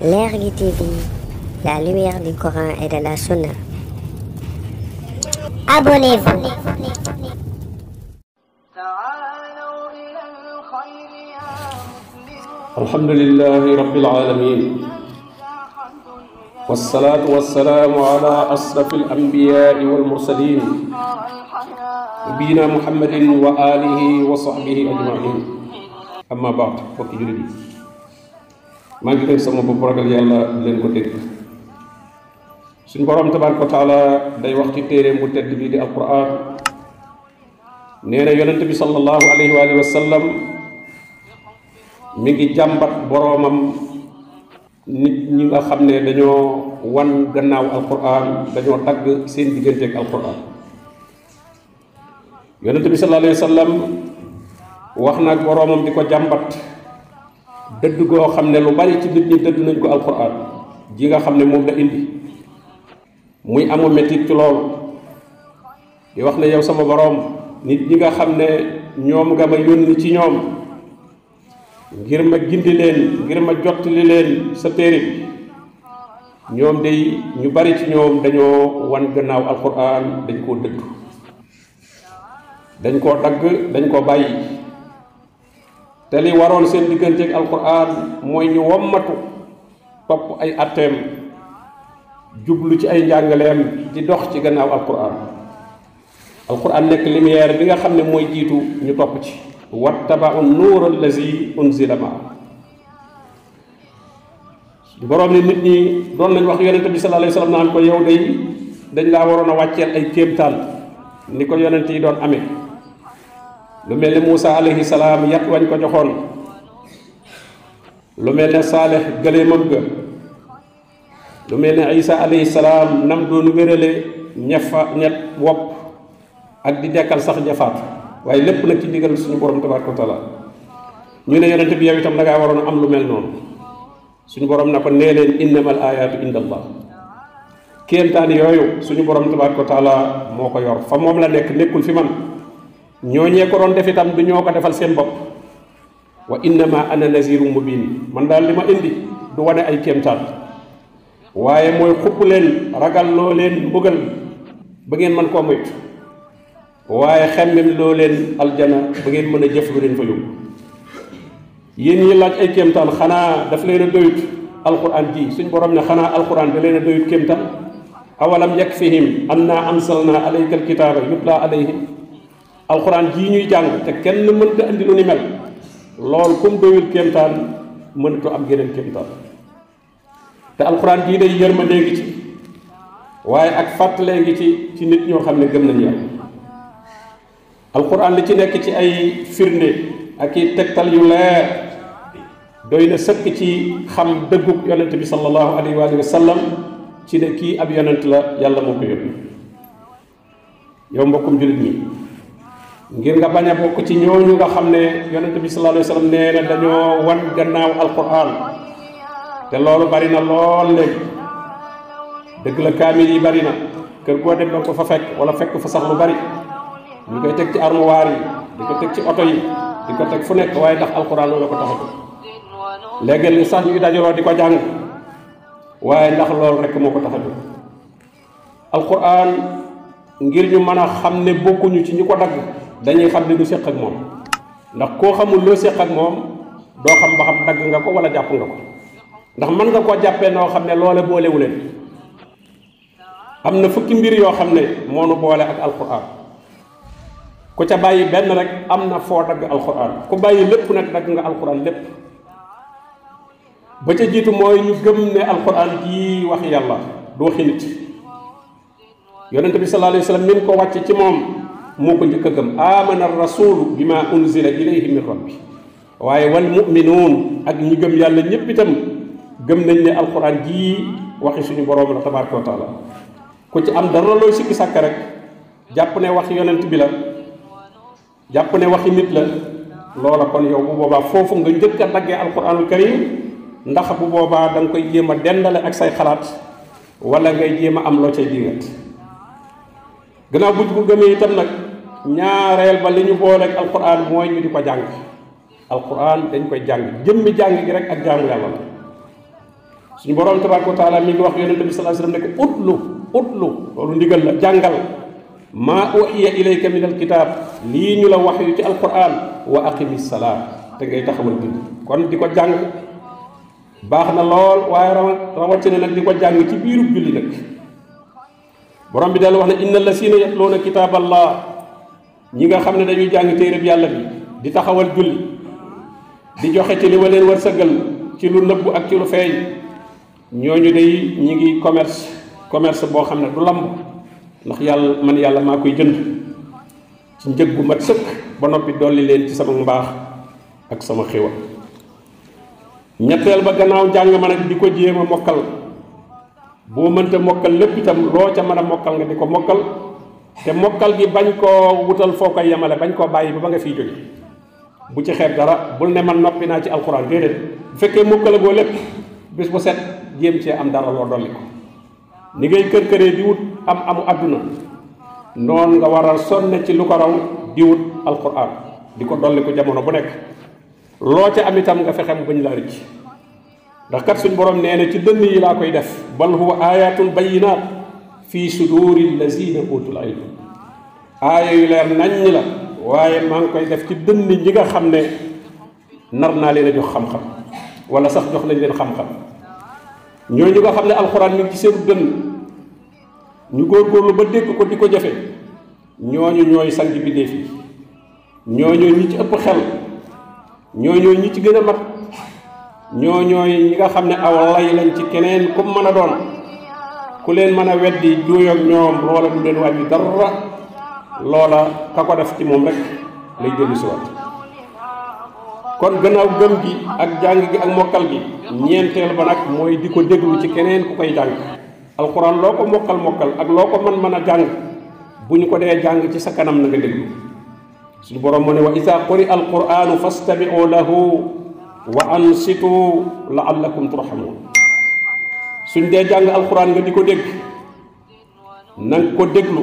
du TV, la lumière du Coran et de la Sunna. Abonnez-vous. الحمد لله رب العالمين والصلاة والسلام على أشرف الأنبياء والمرسلين نبينا محمد وآله وصحبه أجمعين أما بعد وكي maa ngi teg sama bopp ragal yàlla leen ko dégg suñ borom tabaaraka wa day wax ci téeréem mu tedd bii di alquran nee yonent bi sallallahu alayhi wa alihi mi ngi jàmbat boroomam nit ñi nga xam ne dañoo wan gannaaw alquran dañoo dagg seen digganteeg alquran yonent bi sallallahu alayhi wa wax na boroomam di ko jàmbat dëdd goo xam ne lu bari ci nit ñi dëdd nañ ko alquran ji nga xam ne moom la indi muy amu métit ci loolu di wax ne yow sama borom nit ñi nga xam ne ñoom nga ma yónni ci ñoom ngir ma gindi leen ngir ma jottali leen sa téere bi ñoom day ñu bari ci ñoom dañoo wan gannaaw alquran dañ koo dëgg dañ koo dagg dañ koo bàyyi te li waroon seen ak alquran mooy ñu wommatu topp ay atteem jublu ci ay njàngaleem di dox ci gannaaw alquran alquran nekk lumière bi nga xam ne mooy jiitu ñu topp ci wattabau nuur allazi unzila ma borom ni nit ñi doon lañ wax yonente bi sallallahu alayhi wasallam naan ko yow day dañ laa waroon a wàcceel ay kéemtaan ni ko yonente yi doon amee lu melni musa alayhi salam yat wañ ko joxon lu melni ne gele mom ga lu melni Isa alayhi salam nam doon wérale ñafa ñet wop ak di dekkal sax jafat waye lepp nak ci digal suñu borom tabaraka taala ñu ne yonente bi yow itam da nga waron am lu mel non suñu borom nako ko nee innamal ayatu indallah kéemtaan yoyu suñu borom tabaraka taala moko yor fa mom la nek nekul fi man ñooñee ko doon def itam du ñoo ko defal seen bopp wa innama ana naziru mubin man daal li ma indi du wane ay kéemtaan waaye mooy xupp leen ragal loo leen mbugal ba ngeen mën koo moytu waaye xemmem loo leen aljana ba ngeen mën a jëf lu leen fa yóbbu yéen yi laaj ay kéemtaan xanaa daf leen a doyut alquran ji suñ borom ne xanaa alquran da leen a doyut kéemtaan awalam yakfihim anna ansalna alayka alkitaba yutla alayhim alxuraan jii ñuy jàng te kenn mënta andi lu ni mel loolu comme doyul kéemtaan mënatoo am geneen kéemtaan te alxuraan jii day yërmandee ngi ci waaye ak fàttalee ngi ci ci nit ñoo xam ne gëm nañ yàlla alxuraan li ci nekk ci ay firnde ak i tegtal yu leer doy na sëkk ci xam dëggug yonent bi sallallahu alayhi wa sallam ci ne kii ab yonent la yàlla moo ko yónni yow mbokkum jullit ñi ngir nga baña bok ci ñooñu nga xamne yaronte bi sallallahu alayhi wasallam neena wan gannaaw alquran te loolu bari na lool leg deug la kamil yi bari na kër ko dem ko fa fek wala fek fa sax lu bari ñu koy tek ci armoire yi di ko tek ci auto yi di ko tek fu nek way tax alquran loolu ko taxatu legel ni sax ñu dajalo di ko jàng waaye ndax lool rek moko taxatu alquran ngir ñu mëna xamne bokku ñu ci ñi dag dañuy xam ni du séq ak moom ndax koo xamul loo séq ak moom doo xam ba xam dagg nga ko wala jàpp nga ko ndax mën nga koo jàppee noo xam ne loole boolewu leen am na fukki mbir yoo xam ne moo nu boole ak alxuraan ku ca bàyyi benn rek am na foo dagg alxuraan ku bàyyi lépp nag dagg nga alxuraan lépp ba ca jiitu mooy ñu gëm ne alxuraan jii wax yàlla du waxi nit yonent bi sallallahu alayhi wa sallam min ko wàcce ci moom moo ko njëkk a gëm amana rasulu bi ma unzila ilayhi min rabbi waaye wal muminuun ak ñi gëm yàlla ñëpp itam gëm nañ ne alxuraan jii waxi suñu borom la tabaraka wa taala ku ci am dara looy sikki sàkk rek jàpp ne waxi yonent bi la jàpp ne waxi nit la loola kon yow bu boobaa foofu nga njëkk a daggee alxuraanul karim ndax bu boobaa da koy jéem a dendale ak say xalaat wala ngay jéem a am loo ca diigat gannaaw bu ko gëmee itam nag ñaarel ba liñu ñu booleeg alquran mooy ñu di ko jàng alquran dañ koy jàng jëmmi jàng gi rek ak jaamu yàlla la suñu borom tabaraka taala mi ngi wax yonente bi salaa sallam ne ko utlu utlu lolu ndigal la jàngal ma uhiya ilayka min alkitab li ñu la wax yu ci alquran wa aqimis salat te ngay taxawal bind kon di ko jàng baax na lool waaye rawatina nag di ko jàng ci biirub julli nag borom bi dal wax ne inna allasina yatluna kitab ñi nga xam ne dañuy jàng téereb yàlla bi di taxawal julli di joxe ci li waleen war sëggal ci lu nëbb ak ci lu feeñ ñooñu day ñi ngi commerce commerce boo xam ne du lamb ndax yàlla man yàlla maa koy jënd ci njëg bu mat sëkk ba noppi dolli leen ci sama mbaax ak sama xiwa ñetteel ba gannaaw jàng ma nag di ko jéem a mokkal boo mënta mokkal lépp itam loo ca mën a mokkal nga di ko mokkal te mokkal gi bañ koo wutal foo koy yemale bañ koo bàyyi ba ba nga fiy jóge bu ci xeeb dara bul ne man noppi naa ci alxuraan déedéet bu fekkee mokkale goo lépp bis bu set jéem cee am dara loo dolli ko ni ngay kër këree di wut am amu àdduna noon nga war a sonne ci lu ko raw di wut alxuraan di ko dolli ko jamono bu nekk loo ca am nga fexe mu bañ la rëcc ndax kat suñ borom nee ne ci dënn yi laa koy def bal huwa ayatun bayyinaat في صدور الذين اوتوا العلم آية يلام نان لا واي مانكاي داف تي دن نيغا خامني نارنا لينا جو خام خام ولا صاح جوخ لين لين خام خام ньо ньо خامني القران ميغي سي دن ني غور غورلو با ديك كو ديكو جافي ньо ньо ньоي سانج بي ديفي ньо ньо ني تي اوب خيل ньо ньо ني تي گنا مات ньо ньо ييغا خامني اولاي لين تي كينين كوم دون ku leen mën a weddi juuyoog ñoom loola du leen wàññi dara loola ka ko def ci moom rek lay dellu si waat kon gannaaw gëm gi ak jàng gi ak mokkal gi ñeenteel ba nag mooy di ko ci keneen ku koy jàng alquran loo ko mokkal ak loo man mën jang jàng bu ñu ko dee jàng ci sa kanam na nga déglu suñu borom mu ne wa isa quri alquranu fastamiu lahu wa ansitu laallakum turhamun suñ dee jàng alxuraan nga di ko dégg na nga ko déglu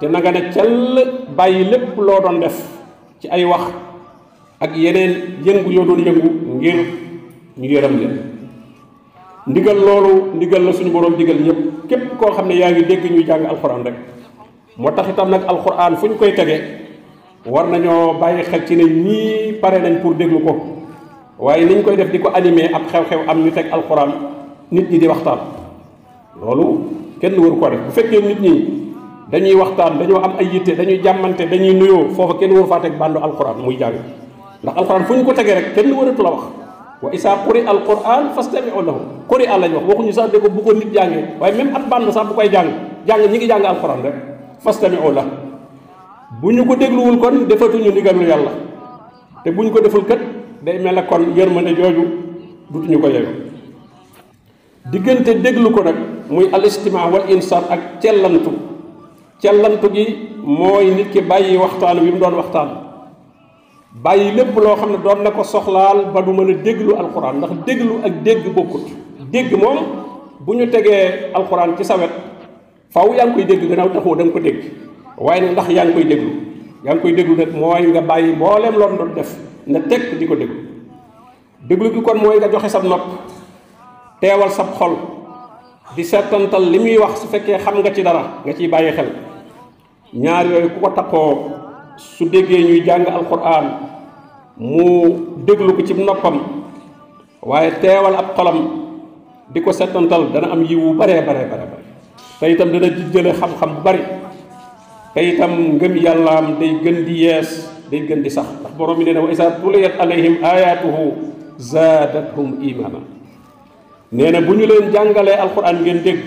te na nga ne cell bàyyi lépp loo doon def ci ay wax ak yeneen yëngu yoo doon yëngu ngir ñu yërëm leen ndigal loolu ndigal la suñu boroom digal ñëpp képp koo xam ne yaa ngi dégg ñuy jàng alxuraan rek moo tax itam nag alxuraan fu ñu koy tege war nañoo bàyyi xel ci ne ñii pare nañ pour déglu ko waaye niñ koy def di ko animé ab xew-xew am ñu teg alxuraan nit ñi di waxtaan loolu kenn waru ko def bu fekkee nit ñi dañuy waxtaan dañoo am ay yitte dañuy jàmmante dañuy nuyoo foofu kenn waru faa teg bàndu alquran muy jàng ndax alquran fu ñu ko tegee rek kenn waratu la wax wa isaa quri alquran fastamiu lahu quri al lañ wax waxuñu sax de ko bu ko nit jàngee waaye même ab bànd sax bu koy jàng jàng ñi ngi jàng alquran rek fastamiu la bu ñu ko dégluwul kon defatuñu ndigalu yàlla te bu ñu ko deful kat day mel ne kon yërmande jooju dutuñu ko yeyoo diggante déglu ko nag muy alistima wal insaan ak cellantu cellantu gi mooy nit ki bàyyi waxtaan wi mu doon waxtaan bàyyi lépp loo xam ne doon na ko soxlaal ba du mën a déglu alxuraan ndax déglu ak dégg bokkut dégg moom bu ñu tegee alxuraan ci sawet faw yaa ngi koy dégg gannaaw taxoo da nga ko dégg waaye nag ndax yaa ngi koy déglu yaa ngi koy déglu nag mooy nga bàyyi mbooleem loon doon def nga teg di ko déglu déglu gi kon mooy nga joxe sa nopp teewal sab xol di setantal li muy wax su fekkee xam nga ci dara nga ciy bàyyi xel ñaar yooyu ku ko takkoo su déggee ñuy jàng alquran mu déglu ko ci noppam waaye teewal ab xolam di ko dana am yiwu bare bare bare bare te itam dana jële xam-xam bu bari te itam ngëm yàllaam day gën di yees day gën di sax borom nee wa isa tuliyat alayhim ayatuhu zaadathum imana neena buñu leen jàngalee alquran ngeen dégg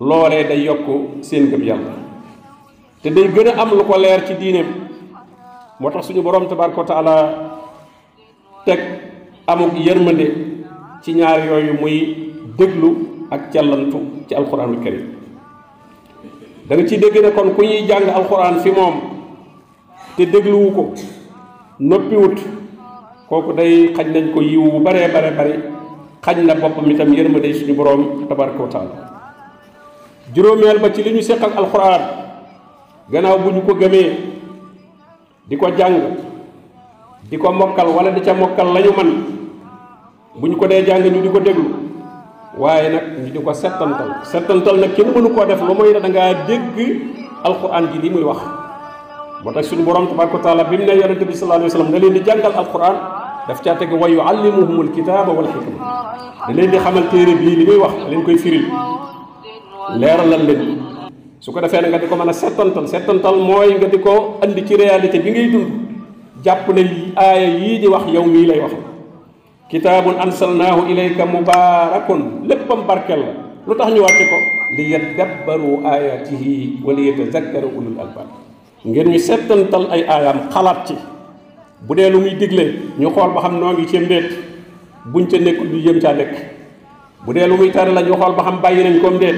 loolee day yokku seen gëm yàlla te day gën am lu ko leer ci diineem moo suñu borom tabaraka wa taala teg amuk yërmande ci ñaar yooyu muy déglu ak cellantu ci alquranul karim da nga ci dégg ne kon ku ñuy jàng alquran fi moom te dégluwu ko wut kooku day xañ nañ ko yiwu bu bare bare xañ na boppam itam yërmande suñu borom tabaraka wa taala juróomeel ba ci li ñu seq alquran gannaaw bu ñu ko gëmee di ko jàng di ko mokkal wala di ca mokkal lañu man bu ñu ko dee jàng ñu di ko déglu waaye nag ñu di ko settantal settantal nag kenn mënu koo def lu moy ne da ngaa dégg alquran ji li muy wax moo tax suñu borom tabaraka wa taala bi mu ne yonente bi sallallahu alayhi wa sallam da leen di jàngal alquran daf caa teg wa yuallimuhum alkitaaba wal xikma da leen di xamal téere bii li muy wax leen koy firil leeralal leen su ko defee nga di ko mën a settantal settantal mooy nga di ko andi ci réalité bi ngay dund jàpp ne aaya yii di wax yow mii lay wax kitaabun ansalnaahu ilayka mubaarakun léppam barkel la lu tax ñu wàcce ko li yadabbaru ayatihi wa li yatazakkaru ulul albaab ngeen ñu settantal ay aayaam xalaat ci budé lu muy digle ñu xol ba xam noongi ci mbéet buñ ca nekk du jëm ca nekk budé lu muy taré la ñu xol ba xam bàyyi nañ ko mbéet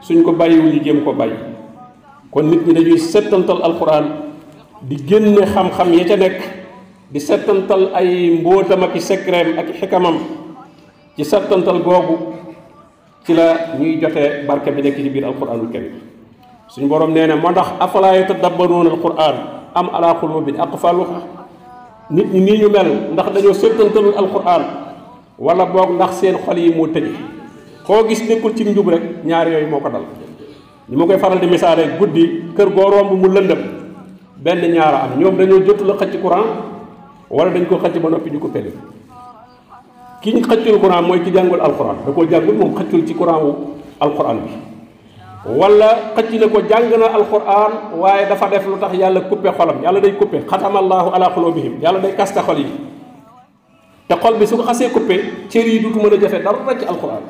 suñ ko bàyyiwul ñu jëm ko bàyyi kon nit ñi dañuy sétantal alquran di génne xam-xam ya ca nekk di sétantal ay mbotam ak secret ak hikamam ci sétantal googu ci la ñuy jote barke bi nekk ci biir alquran karim suñ borom nee mo tax afala yatadabbarun alquran am ala qulubin aqfaluha nit ñi nii ñu mel ndax dañoo sëttantalul alquran wala boog ndax seen xol yi moo tëj koo gis nekkul ci njub rek ñaar yooyu moo ko dal ñu ma koy faral di misaale guddi kër goo romb mu lëndëm benn ñaara am ñoom dañoo jotu la xëcc courant wala dañ ko xëcc ba noppi ñu ko pele ki ñu xëccul courant mooy ki jàngul alquran da koo jàngul moom xëccul ci courant wu alquran bi ولا قتي لكو جانغنا القران واي دا فا ديف لوتاخ يالا كوبي خولم يالا داي كوبي ختم الله على قلوبهم يالا داي كاستا خولي تا خول بي سوكو خاسي كوبي تيري دوت مانا جافي دار رك القران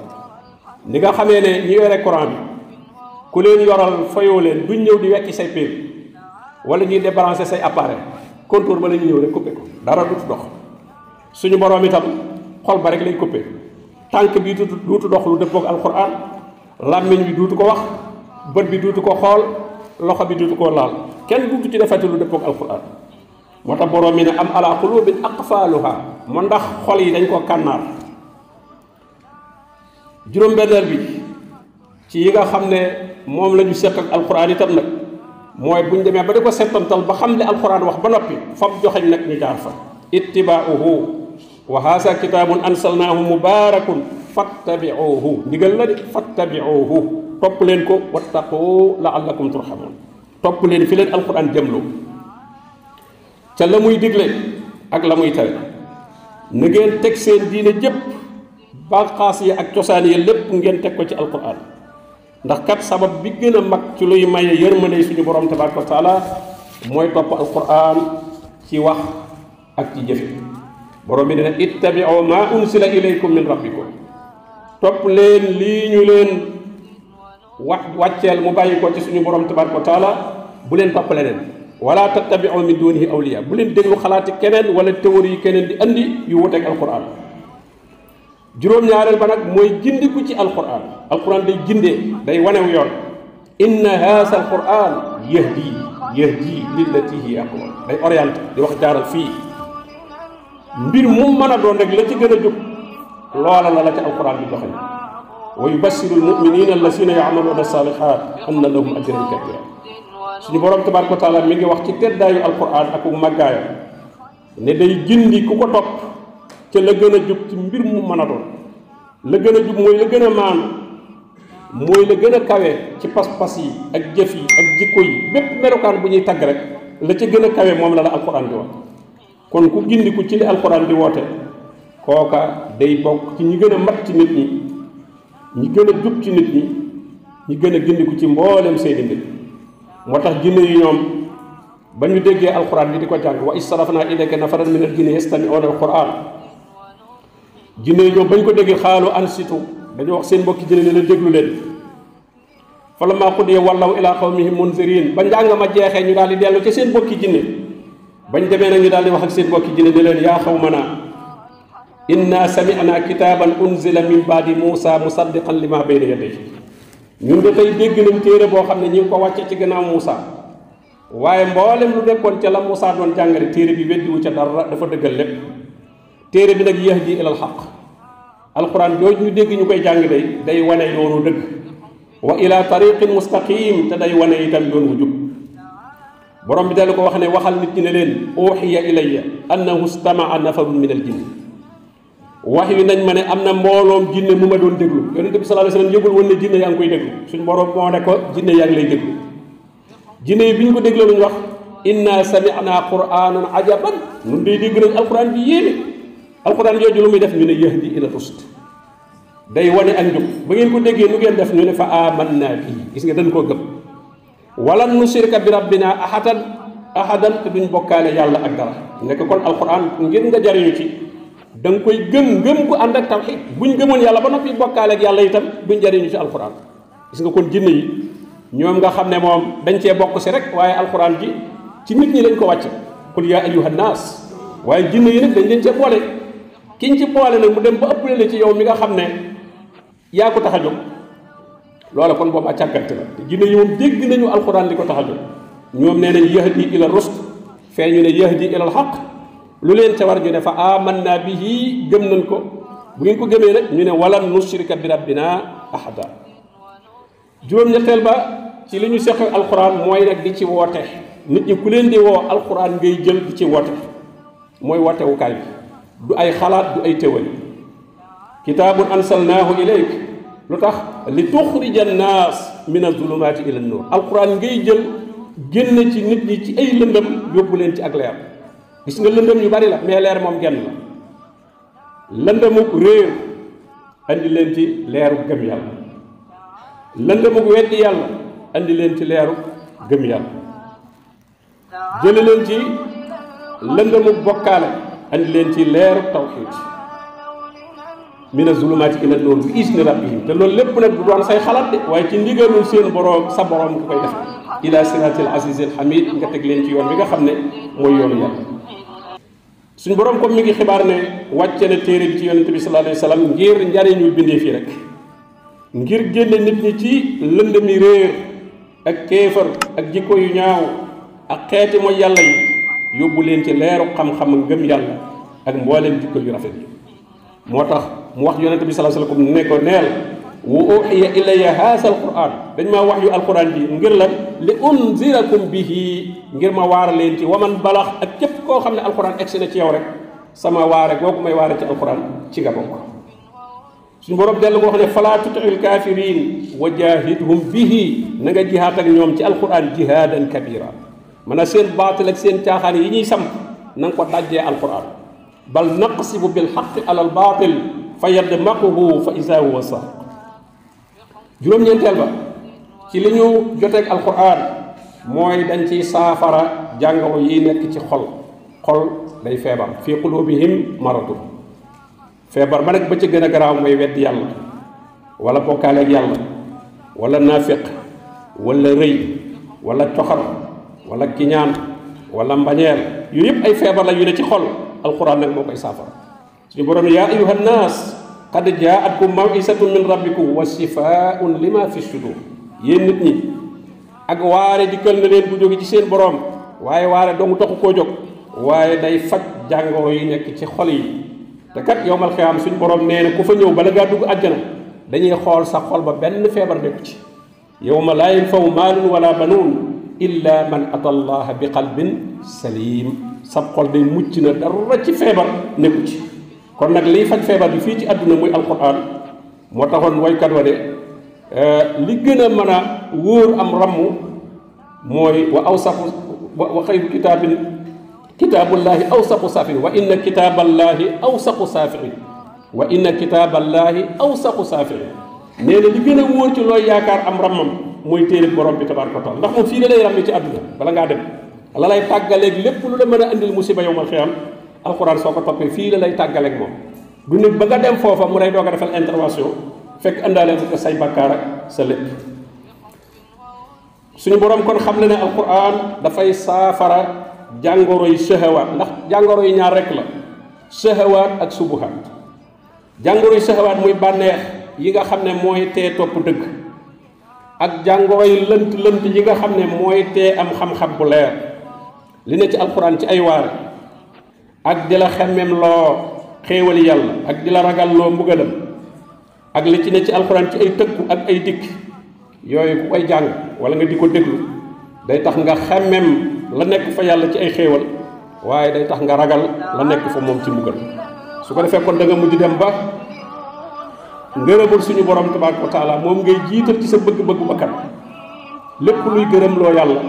نيغا خامي ني ني ويري قران كولين يورال فايو لين دو نيو دي ويكي ساي بير ولا ني ديبرانسي ساي اباري كونتور مالا نيو ري كوبي دار دوت دوخ سونو بروم تام خول با رك لاي كوبي تانك بي دوت دوخ لو ديبوك القران làmmiñ bi duutu ko wax bët bi duutu ko xool loxo bi duutu ko laal kenn duutu ci defati lu dëppoog alquran moo tax borom mi ne am ala qulubin aqfaaluha mu ndax xol yi dañ ko kànnaar juróom-benneel bi ci yi nga xam ne moom la ñu seq ak alquran itam nag mooy bu ñu demee ba di ko settantal ba xam li alquran wax ba noppi fam joxeñ nag ñu jaar fa ittibaauhu wa hasa kitabun ansalnahu mubarakun fattabi'uhu digal la de fattabi'uhu top len ko wattaqu la'allakum turhamun top len fi len alquran jëmlu ca la muy digle ak la muy tere na ngeen teg seen diine jëpp bànqaas ya ak ya ko ci alquran ndax kat sabab bi gën a mag ci luy maye yermane suñu borom tabaraka taala moy top alquran ci wax ak ci borom bi nee na ittabiu ma unsila ilaykum min rabbikum topp leen lii ñu leen wax wàcceel mu bàyyi ko ci suñu borom tabaraka wa taala bu leen topp leneen wala tattabiu min dunihi awliya bu leen déglu xalaati keneen wala théorie yi keneen di andi yu wuteeg alquran juróom-ñaareel ba nag mooy gindiku ci alquran alquran day gindee day wanew yoon inna haasa alquran yahdi yahdi lillati hi aqwam day orienté di wax jaaral fii mbir mu mën a doon rek la ci gën a jub loola la la ca alquran bi joxe wa yubassiru almuminina allasina yaamaluuna alsalihat anna lahum ajran kabira suñu borom tabaraka wa taala mi ngi wax ci teddaayu alquran ak màggaayam ne day gindi ku ko topp ca la gën a jub ci mbir mu mën a doon la gën a jub mooy la gën a maanu mooy la gën a kawe ci pas-pas yi ak jëf yi ak jikko yi bépp melokaan bu ñuy tagg rek la ca gën a kawe moom la la alquran bi wax kon ku gindiku ci li alxuraan di woote kooka day bokk ci ñi gën a mat ci nit ñi ñi gën a jub ci nit ñi ñi gën a gindiku ci mboolem seeni mbir moo tax jinne yi ñoom ba ñu déggee alxuraan bi di ko jàng wa israfna ilayka nafaran minal jinni yastami'una alxuraan jinne yi ñoom ba ñu ko déggee xaalu ansitu dañu wax seen mbokki jinne ne la déglu leen falammaa qudiya wallaw ilaa qawmihim munzirin ba njàng ma jeexee ñu daal di dellu ci seen mbokki jinne bañ demee nag ñu daal di wax ak seen mbokki jinne di leen yaa xaw ma naa inna sami'na kitaaban unzila min baadi Muusa musaddiqan lima bayna yadayhi ñun de tey dégg nañ téere boo xam ne ñu ko wàcce ci gannaaw Muusa waaye mboolem lu nekkoon ca la Muusa doon jàngale téere bi weddiwu ca dara dafa dëggal lépp téere bi nag yahdi ilal xaq alquran jooj ñu dégg ñu koy jàng day day wane yoonu dëgg wa ila tariqin mustaqim te day wane itam yoon wu jub borom bi dal ko wax ne waxal nit ñi ne leen uuxiya ilayya annahu stamaa nafarun min al jinni wax wi nañ ma ne am na mbooloom jinne mu ma doon déglu yonent bi sallallahu alayhi wasallam yëgul woon ne jinne yaa ngi koy moo ne ko jinne yaa lay déglu bi ko dégloo lu ñu wax inna sami'na qur'anan ajaban nun day dégg nañ alquran bi yéene alquran jooju lu muy def ñu ne yahdi ila rusd day wane ak ba ngeen ko déggee nu ngeen def ñu ne fa naa bi gis nga dañ koo gëm wala nusirka bi rab rabbina ahadan ahadan te duñ bokkaale yàlla ak dara nekk kon alquran ngir nga jariñu ci da nga koy gëm ngëm ko ànd ak tawxid buñ gëmoon yàlla ba noppi bokkaale ak yàlla itam duñ jariñu ci alquran gis nga kon jinne yi ñoom nga xam ne moom dañ cee bokk si rek waaye alquran ji ci nit ñi lañ ko wàcc qul yaa ayyuhan naas waaye jinne yi nag dañ leen cee boole kiñ ci boole nag mu dem ba ëppale la ci yow mi nga xam ne yaa ko tax a jóg loola kon boobu ak càggante la te jinne yi dégg nañu alxuraan di ko taxa a jóg ñoom nee nañ yahdi ila rusd fee ñu ne yahdi ila alxaq lu leen ca war ñu ne fa amanna bihi gëm nañ ko bu ngeen ko gëmee nag ñu ne walam nushrika bi rabbina ahada juróom-ñetteel ba ci li ñu seq alxuraan mooy nag di ci woote nit ñi ku leen di woo alxuraan ngay jël di ci woote mooy wootewukaay bi du ay xalaat du ay téwal kitaabun ansalnaahu ilayk lu tax li tuxrija naas min azulumaati ila nuur alquran ngay jël génn ci nit ñi ci ay lëndëm yóbbu leen ci ak leer gis nga lëndëm yu bari la mais leer moom genn la lëndëmuk réer andi leen ci leeru gëm yàlla lëndëmuk weddi yàlla andi leen ci leeru gëm yàlla jële leen ci lëndëmuk bokkaale andi leen ci leeru tawxiid من الظلمات الى النور باذن ربهم تا لول لب نك دون ساي خالات دي واي تي نديغالو سين بروم سا بروم كوي داف الى صراط العزيز الحميد نغا تك لين تي يون ميغا خامني موي يون يال سن بروم كوم ميغي خبار ني واتي نا تيري تي يونت بي صلى الله عليه وسلم غير نجاري نيو بيندي في رك غير ген نيت ني تي لند مي رير اك كيفر اك جيكو يو نياو اك خيتي مو يالا يوبو لين تي ليرو خام خام غم يالا اك مبولم جيكو يو رافيت motax mu wax yonente bi salaa sallam ne ko neel wa uxiya ilaya haasa alquran dañ maa wax yu alquran ji ngir lan li unzirakum bihi ngir ma waara leen ci waman balax ak képp koo xam ne alquran egsi na ci yow rek sama waare googu may waare ci alquran ci nga bokk suñ borom dellu ko wax ne fala tutiil kafirin wa jahidhum bihi na nga jihaat ak ñoom ci alquran jihaadan kabira mana seen baatil ak seen caaxaan yi ñuy samp na nga ko dajjee alquran bal naqsibu bilxaqi ala albatil فيردمقه فإذا هو ساق جروم نينتال با كي لي نيو القران موي دنجي سافرا جانغو يي نيك خل خول خول فيبر في قلوبهم مرض فيبر ملك نك با سي غنا غراو يالا ولا بوكالي يالا ولا نافق ولا ري ولا تخر ولا كينان ولا مبانيال يو اي فيبر لا يو نتي خول القران نك موكاي سافرا suñu borom ya ayuha nas qad ja'atkum maw'izatun min rabbikum wa shifaa'un lima fi sudur yeen nit ñi ak waare dikkal na leen bu jóge ci seen borom waye waare dong taxu ko jog waye day fak jàngoro yi nek ci xol yi te kat yowmal suñ borom neena ku fa ba la ga dug aljana dañuy xol sa xol ba ben febar nek ci yowma la malun wala banun illa man atallaha biqalbin salim sab xol day mucc na dara ci febar nek ci kon nag liy faj feebar bi fii ci àdduna muy alquran moo taxoon waykat wa de li gën a mën a wóor am ramm mooy wa awsafu wa xayru kitaabin kitaabullahi awsaqu saafiri wa inna kitaaballahi awsaqu saafiri wa inna kitaaballahi awsaqu saafiri nee na li gën a wóor ci looy yaakaar am rammam mooy téere borom bi tabaaraka wa taala ndax moom fii la lay ràmmi ci àdduna bala ngaa dem la lay tàggaleeg lépp lu la mën a andil musiba yowmal xiyaam alxuraan soo ko toppee fii la lay tàggaleeg moom du nit ba nga dem foofa mu lay doo a defal intervention fekk àndaale ko say bakkaar ak sa suñu boroom kon xam le ne alxuraan dafay saafara jàngoro yi sëhawaat ndax jàngoro yi ñaar rek la sëhawaat ak subuhaat jàngoro yi sëhawaat muy bànneex yi nga xam ne mooy tee topp dëgg ak jàngoro yi lënt lënt yi nga xam ne mooy tee am xam-xam bu leer li ne ci alxuraan ci ay waare ak di la xemmem loo Agdila ak di ragal lo mbugalam ak li ci ne ci alquran ci ay tekk ak ay dik yoy ku koy jang wala nga diko deglu day tax nga xemem la nek fa yalla ci ay xewal waye day tax nga ragal la nek fa mom ci mbugal su ko defee kon da nga mujj dem ba ngërëmul suñu borom tabaraka taala mom ngay jiital ci sa bëgg bëgg bakkat lepp luy gëreem lo yalla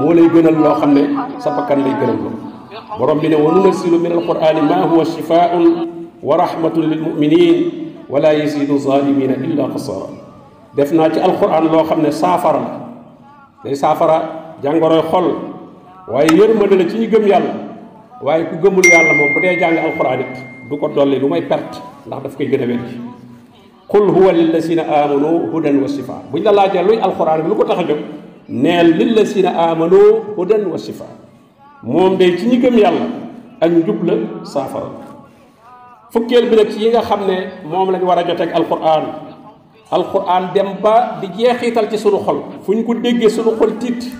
mo lay gënal lo xamne sa bakkan lay gëreem lo وربنا بنا وننزل من القرآن ما هو الشفاء ورحمة للمؤمنين ولا يزيد الظالمين إلا قصارا دفنا في القرآن لو خمنا سافر لي سافر جانغورو خل واي يرمد لتي يغم يال واي كو يال مو بودي جانغ القرآن دوكو دولي لوماي بيرت دا داف كاي غنا قل هو للذين آمنوا هدى وشفاء بو الله جا لوي القرآن لوكو تاخا جوم للذين آمنوا هدى وشفاء moom day ci ñi gëm yàlla ak njub la saafara fukkeel bi nag ci yi nga xam ne moom lañ war a joteeg alquran alquran dem ba di jeexital ci sunu xol fu ñu ko déggee sunu xol tiit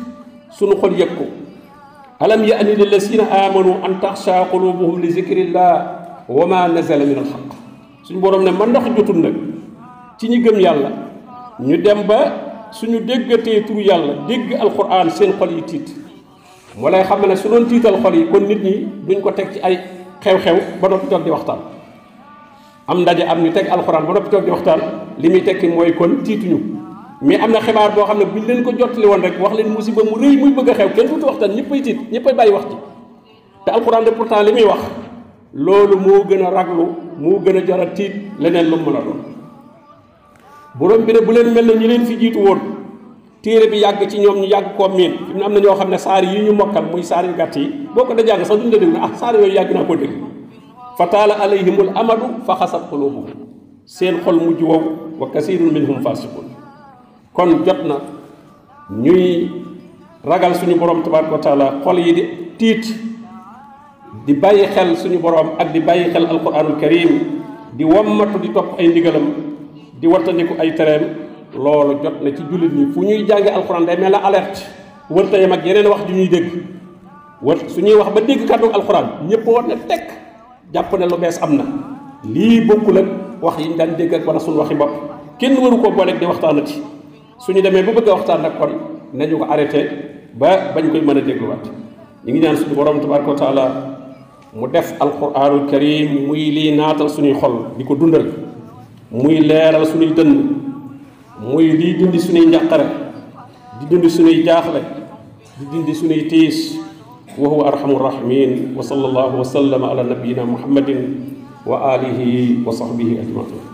sunu xol yëg ko alam yaani lillazina amanu an taxsha qulubuhum li zikrillah wa ma nazala min alxaq suñu borom ne man ndox jotul nag ci ñi gëm yàlla ñu dem ba suñu déggatee turu yàlla dégg alquran seen xol yi tiit walay lay xam ne su doon tiital xol yi kon nit ñi duñ ko teg ci ay xew-xew ba noppi toog di waxtaan am ndaje am ñu teg alxuraan ba noppi toog di waxtaan li muy tekki mooy kon tiituñu mais am na xibaar boo xam ne buñ leen ko jotali woon rek wax leen musiba mu rëy muy bëgg a xew kenn tuuti waxtaan ñëppay tiit ñëppay bàyyi wax ci te alxuraan de pourtant li muy wax loolu moo gën a raglu moo gën a jar a tiit leneen lu mu mën doon borom bi ne bu leen mel ne ñi leen fi jiitu woon téere bi yàgg ci ñoom ñu yàgg koo miin fi mu ne am na ñoo xam ne saar yi ñu mokkal muy saari yu gàtt yi boo ko da jàng sax duñu la dégg ah saar yooyu yàgg naa koo dégg fa taala alayhimul amadu fa xasat xulubuhum seen xol mujj wow wa kasirun minhum fasiqun kon jot na ñuy ragal suñu borom tabaraka wa taala xol yi di tiit di bàyyi xel suñu borom ak di bàyyi xel alquranul karim di wammatu di topp ay ndigalam di wattandiku ay tereem loolu jot na ci jullit mi fu ñuy jànge alxuraan day mel na alerte wër tayam ak yeneen wax ju ñuy dégg wër su ñuy wax ba dégg kàddu alxuraan ñëpp war na tekk jàpp ne lu bees am na lii bokkul ak wax yi ñu daan dégg ak wala suñu waxi bopp kenn waru koo booleeg di waxtaanati suñu demee ba bëgg waxtaan nag kon nañu ko arrêté ba bañ koy mën a dégluwaat ñu ngi ñaan suñu borom tabaraka wa taala mu def alquranul karim muy lii naatal suñuy xol di ko dundal muy leeral suñuy muy liy dindi suñuy njàqare di dindi suñuy jaaxle di dindi suñuy tiis wa huwa arhamu rahimin wa sallallahu wa sallama ala nabiyina muhammadin wa alihi wa sahbihi ajmain